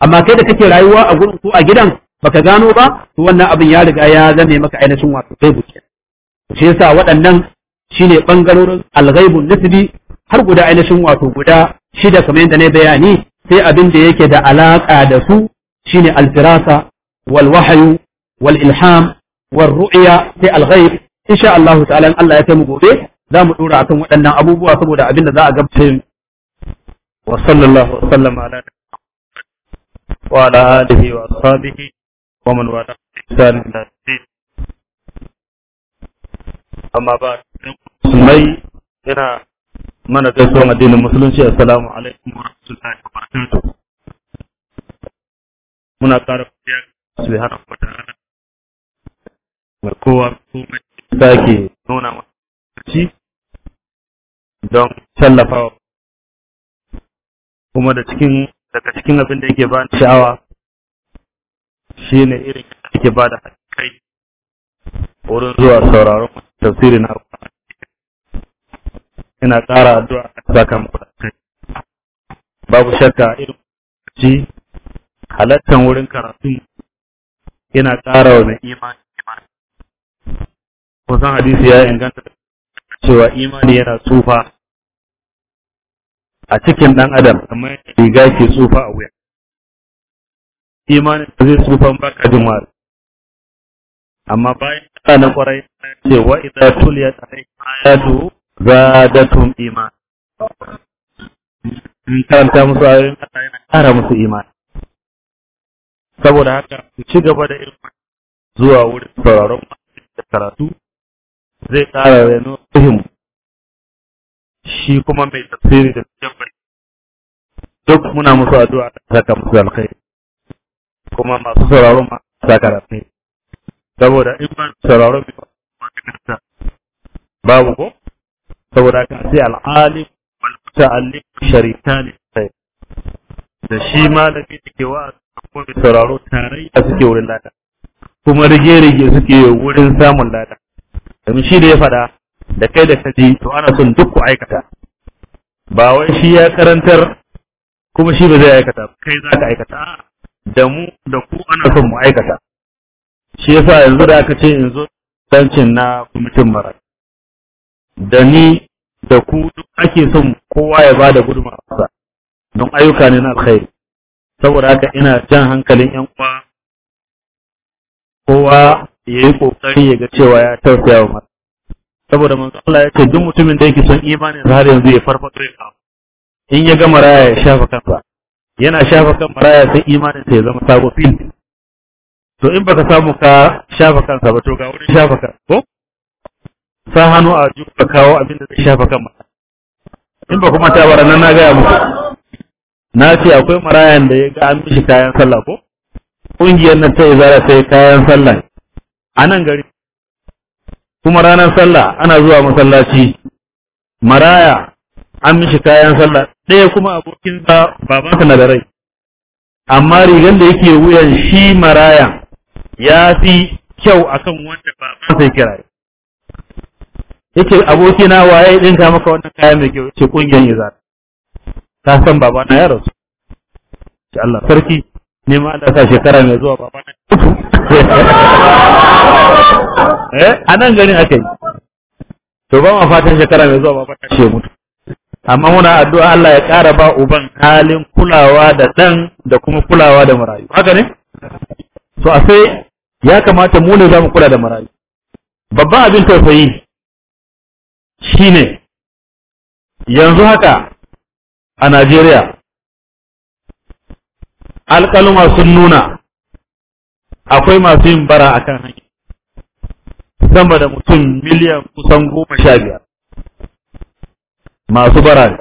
amma kai da kake rayuwa a gurin ko a gidan baka gano ba to wannan abin ya riga ya zame maka ainihin wato gaibu ke shi yasa waɗannan shine bangarorin alghaibun nisbi har guda ainihin wato guda shida kamar yadda na bayani sai abin da yake da alaka da su shine alfirasa wal wahyu wal ilham war ru'ya sai al-ghaib insha Allah ta'ala Allah ya taimu gobe za mu dora akan waɗannan abubuwa saboda abin da za a gabce wa sallallahu wa sallama ala wa ala alihi wa ashabihi wa man wala ihsan ila din amma ba musulmai yana mana gaisuwa addinin musulunci assalamu alaikum wa rahmatullahi wa barakatuh muna ƙara godiya subhanahu wa ta'ala da kowa sake nuna masu don tallafawa kuma da cikin daga cikin abin da yake ba sha'awa shi ne irin yake ba da kai wurin zuwa sauraron tafsirin na ina ƙara addu'a a sakamakon kai babu shakka irin ci halattan wurin karatu Ina ƙara wa mai imani kusan hadisi ya inganta cewa imani yana tsufa a cikin ɗan adam kamar riga ke tsufa a wuya imanin zai tsufa baka jin wasu amma bayan ta na kwarai ce wa idza tuliyat ayatu zadatum iman in karanta musu ayoyin Allah yana ƙara musu iman saboda haka ku ci gaba da ilmi zuwa wurin sauraron masu karatu zai ƙara reno fahim shi kuma mai tafsiri da cikin bari. duk muna musu addu'a da saka musu alkhairi kuma masu sauraron ma saka rafi saboda in ba sauraron ma ta babu ko saboda kan sai al'alim wal sharita ne, sai da shi malami da ke wa mai sauraro tarayya suke wurin lada kuma rige-rige suke wurin samun lada domin shi da ya faɗa da kai da kaji to ana son duk ku aikata ba wai shi ya karantar kuma shi ba zai aikata kai za ka aikata da mu da ku ana son mu aikata shi yasa yanzu da aka ce in zo dancin na kwamitin mara da ni da ku duk ake son kowa ya ba bada gudunmawa don ayyuka ne na alkhairi saboda haka ina jan hankalin yan uwa kowa ya yi kokari ya ga cewa ya tausaya wa mata saboda manzo Allah ya ce duk mutumin da yake son imanin har yanzu ya farfaɗo ya kawo in ya gama raya ya shafa kansa yana shafa kan maraya sai imanin sa ya zama sabo fil to in baka samu ka shafa kansa ba to ga wurin shafa kan ko sa hannu a ka kawo abin da zai shafa kan mata in ba kuma ta bara nan na gaya muku na ce akwai marayan da ya ga an mishi kayan sallah ko Ƙungiyar nan ta zara sai kayan sallah a nan gari kuma ranar sallah ana zuwa masallaci maraya an mishi kayan sallah ɗaya kuma abokinsa babansa na da rai amma rigar da yake wuyan shi maraya ya fi kyau akan wanda babansa ya kira yake abokina waye ka maka wannan kaya mai kyau ce yi za ta san babana ya rasu Allah sarki ne ma Allah sa shekara mai zuwa baba na eh a nan garin aka yi to ba ma fatan shekara mai zuwa baba na ce mutu amma muna addu'a Allah ya ƙara ba uban halin kulawa da ɗan da kuma kulawa da marayu haka ne so a sai ya kamata mu ne za mu kula da marayu babban abin tausayi shine yanzu haka a Najeriya alƙaluma sun nuna akwai masu yin bara a kan hanyar sama da mutum miliyan kusan goma sha biyar masu bara ne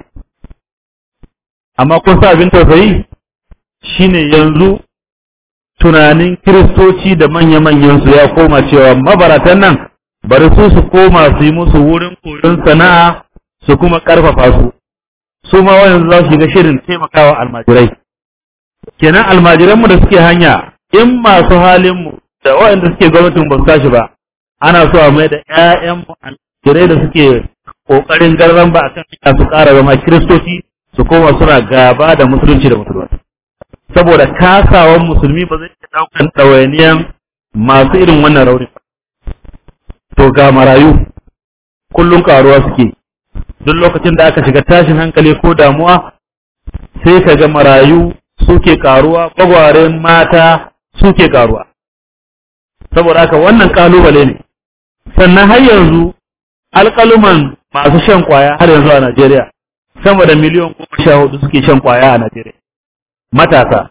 amma kun sa abin tausayi ne yanzu tunanin kiristoci da manya-manyansu ya koma cewa mabaratan nan bari su su koma su yi musu wurin koyon sana'a su kuma ƙarfafa su su ma wayan za su shiga shirin taimakawa almajirai kenan almajiranmu da suke hanya in masu halinmu da waɗanda suke gwamnatin ba su tashi ba ana so a mai da ƴaƴanmu almajirai da suke ƙoƙarin garran ba akan hanya su ƙara zama kiristoci su koma suna gaba da musulunci da musulmai saboda kasawan musulmi ba zai iya ɗaukan ɗawainiyan masu irin wannan rauni ba to ga marayu kullum ƙaruwa suke duk lokacin da aka shiga tashin hankali ko damuwa sai ka ga marayu suke karuwa kwagwaren mata suke karuwa saboda haka wannan kalubale ne sannan har yanzu alkaluman masu shan kwaya har yanzu a Najeriya sama da miliyan goma sha hudu suke shan kwaya a Najeriya matasa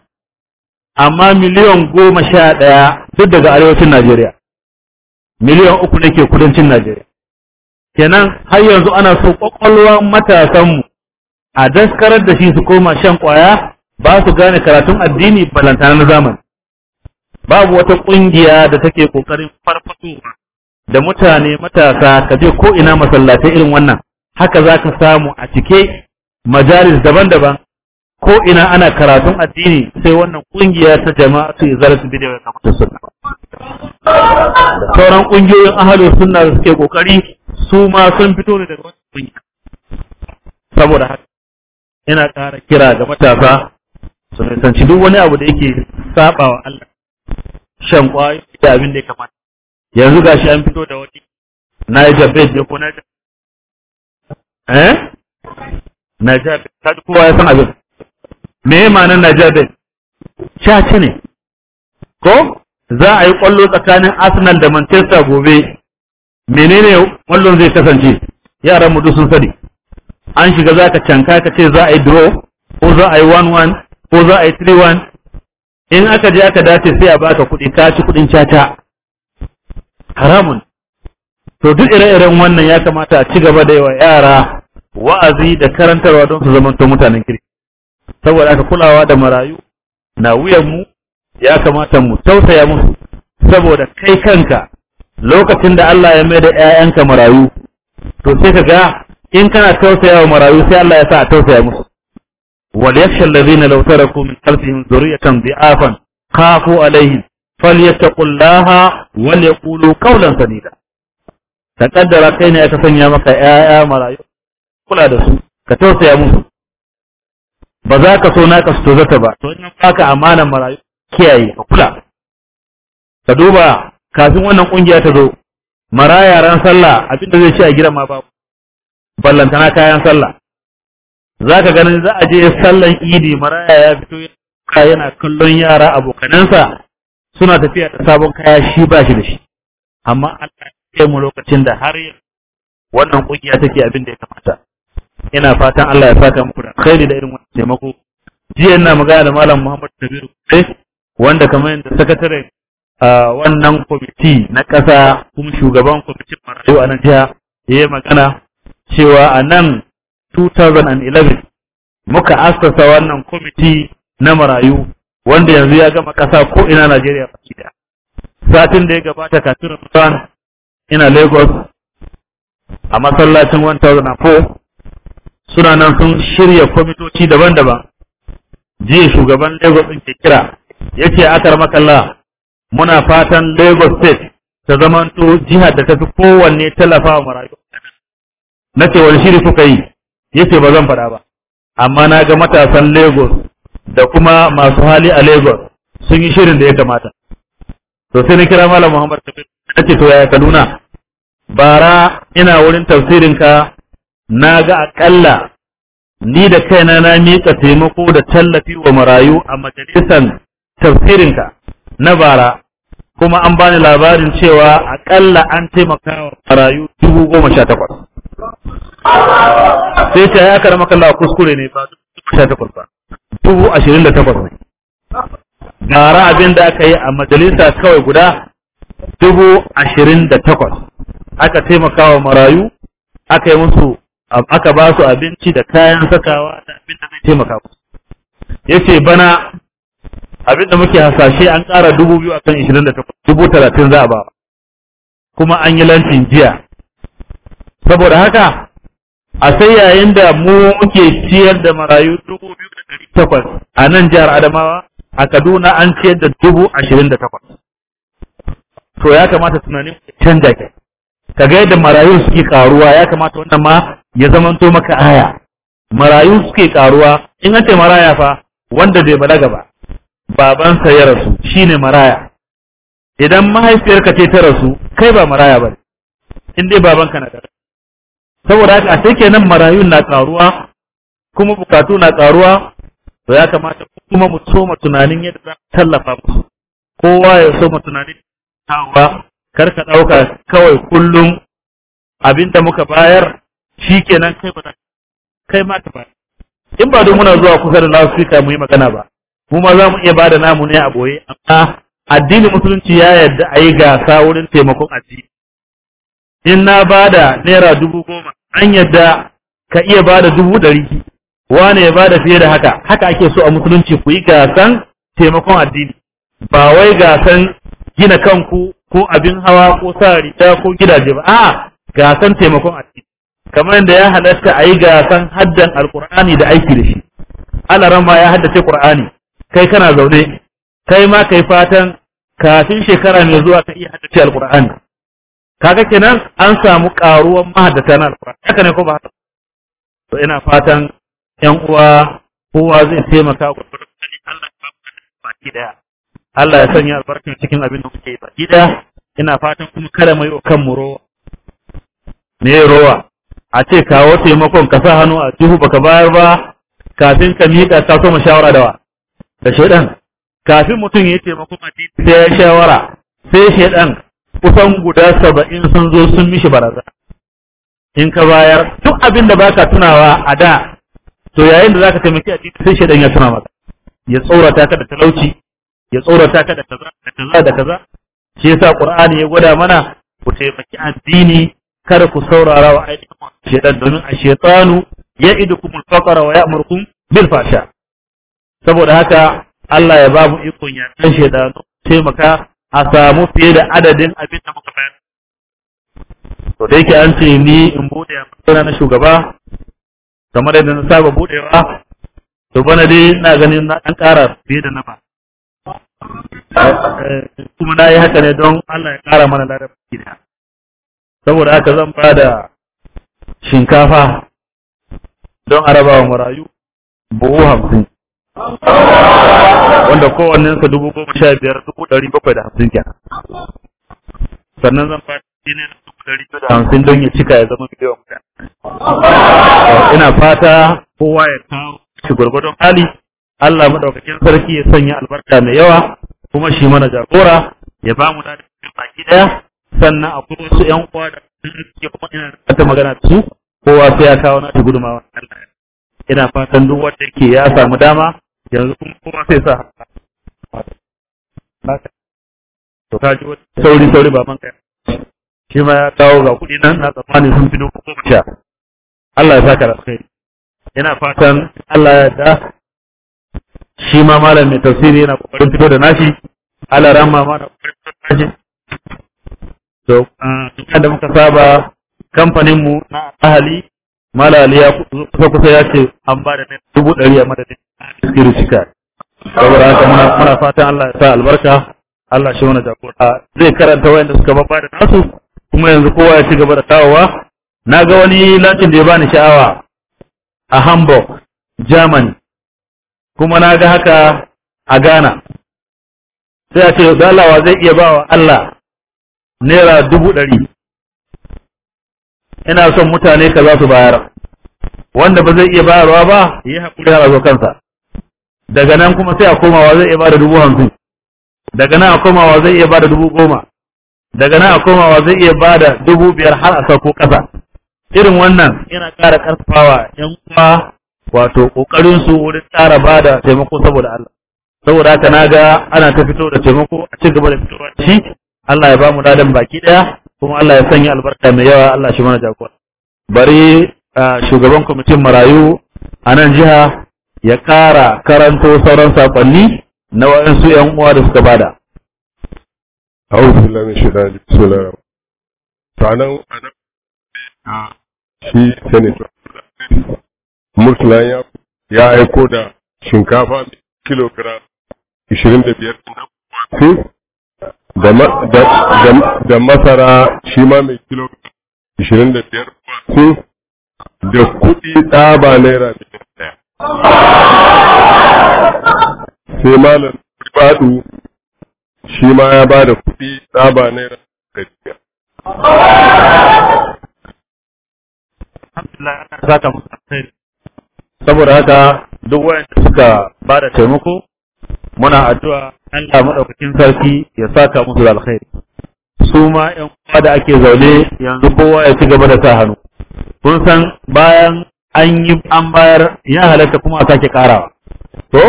amma miliyan goma sha ɗaya duk daga arewacin Najeriya miliyan uku ne ke kudancin Najeriya kenan har yanzu ana so kwakwalwa matasanmu a daskarar da shi su koma shan kwaya ba su gane karatun addini balanta na zamani babu wata ƙungiya da take ƙoƙarin farfasowa da mutane matasa ka je ko ina masallatai irin wannan haka za ka samu a cike majalis daban-daban ko ina ana karatun addini sai wannan kungiya ta jama'a su izalatu bidiyo ya kamata sunna sauran kungiyoyin ahalo suna da suke kokari su ma sun fito ne daga wannan kungiya saboda haka ina ƙara kira ga matasa su nisanci duk wani abu da yake saba wa Allah shan kwayo da abin da ya kamata yanzu ga shi an fito da wani Niger Bed ne ko Niger eh Niger Bed kaji kowa ya san abin me ya ma'anar Niger Bed caca ne ko za a yi kwallo tsakanin Arsenal da Manchester gobe menene kwallon zai kasance yaran mu duk sun sani an shiga za ka canka ka ce za a yi draw ko za a yi 1-1 ko za a yi 3-1 in aka je aka dace sai a baka kuɗi ka ci kuɗin caca haramun to duk ire-iren wannan ya kamata a ci gaba da yawa yara wa'azi da karantarwa don su zamanto mutanen kirki saboda aka kulawa da marayu na wuyanmu ya kamata mu tausaya musu saboda kai kanka lokacin da Allah ya mai da ‘ya'yanka marayu, to sai ka ga in kana tausaya wa marayu sai Allah ya sa a tausaya musu. وليخشى الذين لو تركوا من خلفهم ذرية ضعافا خافوا عليهم فليتقوا الله وليقولوا قولا سديدا تقدر كاين يا كسنيا مكا يا يا مرايو kula da su ka tausaya musu ba za ka so naka su tozata ba to in baka amanan marayu kiyaye ka kula ka duba kafin wannan kungiya ta zo maraya ran sallah abinda zai ci a gidan ma babu ballantana kayan sallah za ka ganin za a je sallan idi maraya ya fito yana kallon yara abokanansa suna tafiya da sabon kaya shi ba shi da shi amma Allah ya mu lokacin da har wannan kungiya take abin da ya kamata ina fatan Allah ya saka muku da khairi da irin wannan taimako jiya ina magana da malam Muhammad Kabiru wanda kamar yadda sakatare wannan kwamiti na ƙasa kuma shugaban kwamitin marayu a nan jiha ya yi magana cewa a nan 2011 muka asasa wannan kwamiti na marayu wanda yanzu ya gama kasa ko ina Najeriya baki da. Satin da ya gabata kafin Ramadan ina Lagos a masallacin 1004 suna nan sun shirya kwamitoci daban-daban. Jiya shugaban Lagos ɗin ke kira ya ce akar makalla muna fatan Lagos State ta zamanto jihar da ta fi kowanne tallafa wa marayu. Na ce wani shiri kuka yi yace ba zan faɗa ba amma na ga matasan Lagos da kuma masu hali a Lagos sun yi shirin da ya kamata to sai na kira malam Muhammad Kabir nace to yaya Kaduna bara ina wurin tafsirin ka na ga akalla ni da kaina na miƙa taimako da tallafi wa marayu a majalisan tafsirin ka na bara kuma an bani labarin cewa akalla an taimaka wa marayu dubu goma sha takwas sai ta ya karama kalla kuskure ne ba duk sha takwas ba dubu ashirin da takwas ne gara abin da aka yi a majalisa kawai guda dubu ashirin da takwas aka taimaka wa marayu aka yi musu aka ba su abinci da kayan sakawa da abin da zai taimaka musu ce bana abin da muke hasashe an ƙara dubu biyu akan ishirin da takwas dubu talatin za a ba kuma an yi lancin jiya saboda haka a sai yayin da mu muke ciyar da marayu dubu biyu da ɗari takwas a nan jihar Adamawa a Kaduna an ciyar da dubu ashirin da takwas. To ya kamata tunanin canja ke. Ka ga yadda marayu suke karuwa ya kamata wannan ma ya zamanto maka aya. Marayu suke karuwa in an ce maraya fa wanda bai balaga ba babansa ya rasu shine maraya. Idan mahaifiyarka ce ta rasu kai ba maraya ba ne in dai babanka na da saboda haka sai kenan marayun na karuwa kuma bukatu na karuwa to ya kamata kuma mu soma tunanin yadda za mu tallafa musu kowa ya soma tunanin tawa kar ka dauka kawai kullum abinda muka bayar shikenan kai ba kai ma ka bayar in ba don muna zuwa kusa da loudspeaker mu yi magana ba mu ma za mu iya bada namu ne a boye amma addinin musulunci ya yarda a yi gasa wurin taimakon addini in na bada naira dubu goma an yadda ka iya ba da dubu ɗari wane ya ba da fiye da haka haka ake so a musulunci ku yi gasan taimakon addini ba wai gasan gina kanku ko abin hawa ko sa rita ko gidaje ba a'a gasan taimakon addini kamar yadda ya halatta a yi gasan haddan alkur'ani da aiki da shi alaran ma ya haddace qur'ani kai kana zaune kai ma kai fatan kafin shekara mai zuwa ka iya haddace alkur'ani kaga kenan an samu karuwan mahaddatan na haka ne ko ba haka to ina fatan yan uwa kowa zai taimaka ku Allah ya baki daya Allah ya sanya albarkin cikin abin da kuke baki daya ina fatan kuma kada mu yi kan mu rowa me rowa a ce kawo taimakon ka sa hannu a jihu baka bayar ba kafin ka miƙa ka so shawara da wa da shedan kafin mutum ya taimako ma titi sai ya shawara sai shedan kusan guda saba'in sun zo sun mishi baraza in ka bayar duk abin da baka tunawa a da to yayin da zaka taimaki a cikin sai ya tuna maka ya tsorata ka da talauci ya tsorata ka da kaza da kaza da kaza shi yasa qur'ani ya gwada mana ku taimaki addini kar ku saurara wa ayyukan shaitan domin a shaitanu ya'idukum al-faqra wa ya'murukum bil fasha saboda haka Allah ya babu ikon ya kan shaitanu taimaka a samu fiye da adadin abin da muka bayar to da yake an ce ni in bude a matsayina na shugaba kamar yadda na saba budewa to bana dai na ganin na ɗan ƙara fiye da na ba eh, kuma na yi haka ne don Allah ya ƙara mana ladar da. saboda haka zan ba da shinkafa don arabawa marayu buhu hamsin wanda kowannen sa dubu goma sha biyar dubu ɗari bakwai da hamsin kenan sannan zan fara shi ne dubu ɗari biyu da hamsin don ya cika ya zama miliyan guda ina fata kowa ya kawo shi gwargwadon hali Allah madaukakin sarki ya sanya albarka mai yawa kuma shi mana jagora ya ba mu da baki daya sannan akwai wasu 'yan uwa da suke kuma ina da magana da su kowa sai ya kawo na gudumawa ina fatan duk wanda yake ya samu dama yanzu kuma sai sa to ji wani sauri sauri ba man kai shi ma ya kawo ga kuɗi nan na tsammanin sun fi dubu ba sha Allah ya saka da kai yana fatan Allah ya da shi ma malam mai tafsiri yana kokarin fito da nashi Allah rahma ma da kokarin fito da nashi to uh, da muka saba kamfanin mu na ahali malali ya kusa kusa ya ce an ba da dubu ɗari a madadin kirkika saboda haka muna fatan Allah ya sa albarka Allah shi mana jagora zai karanta wayanda suka babba da nasu kuma yanzu kowa ya ci gaba da tawowa na ga wani latin da ya bani sha'awa a Hamburg Germany kuma na ga haka a Ghana sai a ce dalawa zai iya ba wa Allah naira dubu ɗari ina son mutane ka za su bayar wanda ba zai iya bayarwa ba yi haƙuri a zo kansa daga nan kuma sai a komawa zai iya bada dubu hamsin daga nan a komawa zai iya bada dubu goma daga nan a komawa zai iya bada dubu biyar har a sauko ƙasa irin wannan yana ƙara ƙarfafawa yan uwa wato kokarin su wurin ƙara bada taimako saboda Allah saboda haka naga ana ta fito da taimako a ci gaba da fitowa shi Allah ya ba mu dadan baki daya kuma Allah ya sanya albarka mai yawa Allah shi mana jagora bari shugaban kwamitin marayu a nan jiha ya ƙara karanto sauran saƙonni na waɗansu ‘yan uwa da suka bada. A'udhu billahi min shaitani bismillahir rahmanir rahim. shi senator Murtala ya ya aiko da shinkafa mai kilogram 25 da da da masara shi ma mai kilogram 25 da kuɗi tsaba naira biyar ɗaya. sai malam faɗu shi ma ya ba da kuɗi tsaba naira Saboda haka duk wayanda suka ba da taimako muna addu'a Allah maɗaukakin sarki ya saka musu da alkhairi. Su ma ‘yan uwa da ake zaune yanzu kowa ya ci gaba da sa hannu. Kun san bayan an yi an bayar ya halatta kuma a sake karawa to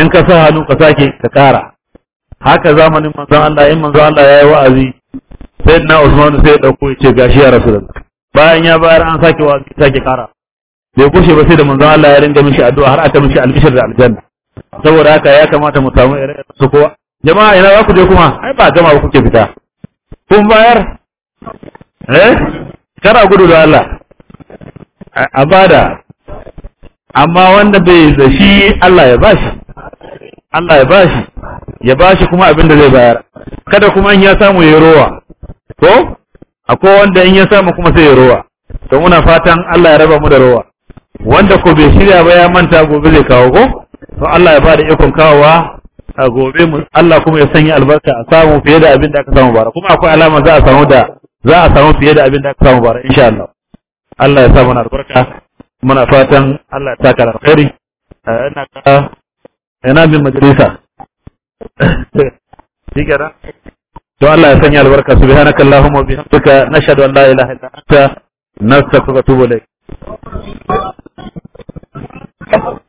in ka sa hannu ka sake ka kara haka zamanin manzon Allah in manzon Allah ya yi wa'azi sai na Usman sai ya dauko ya ce gashi ya rasu bayan ya bayar an sake wa'azi sake kara bai kushe ba sai da manzon Allah ya ringa mishi addu'a har aka mishi albishir da aljanna saboda haka ya kamata mu samu irin su kowa jama'a ina za ku je kuma ai ba gama ba kuke fita kun bayar eh kara gudu da Allah a bada amma wanda bai da shi Allah ya bashi Allah ya bashi ya bashi kuma abin da zai bayar kada kuma in ya samu ya rowa ko akwai wanda in ya samu kuma sai ya rowa to muna fatan Allah ya raba mu da rowa wanda ko bai shirya ba ya manta gobe zai kawo ko to Allah ya ba da ikon kawowa a gobe mu Allah kuma ya sanya albarka a samu fiye da abin da aka samu bara kuma akwai alama za a samu da za a samu fiye da abin da aka samu bara insha Allah Allah ya sa mana albarka muna fatan Allah ya saka alkhairi eh, ina ka ina bin majalisa digara to Allah ya sanya albarka subhanaka allahumma wa bihamdika nashhadu an la ilaha illa anta nastaghfiruka wa natubu ilayk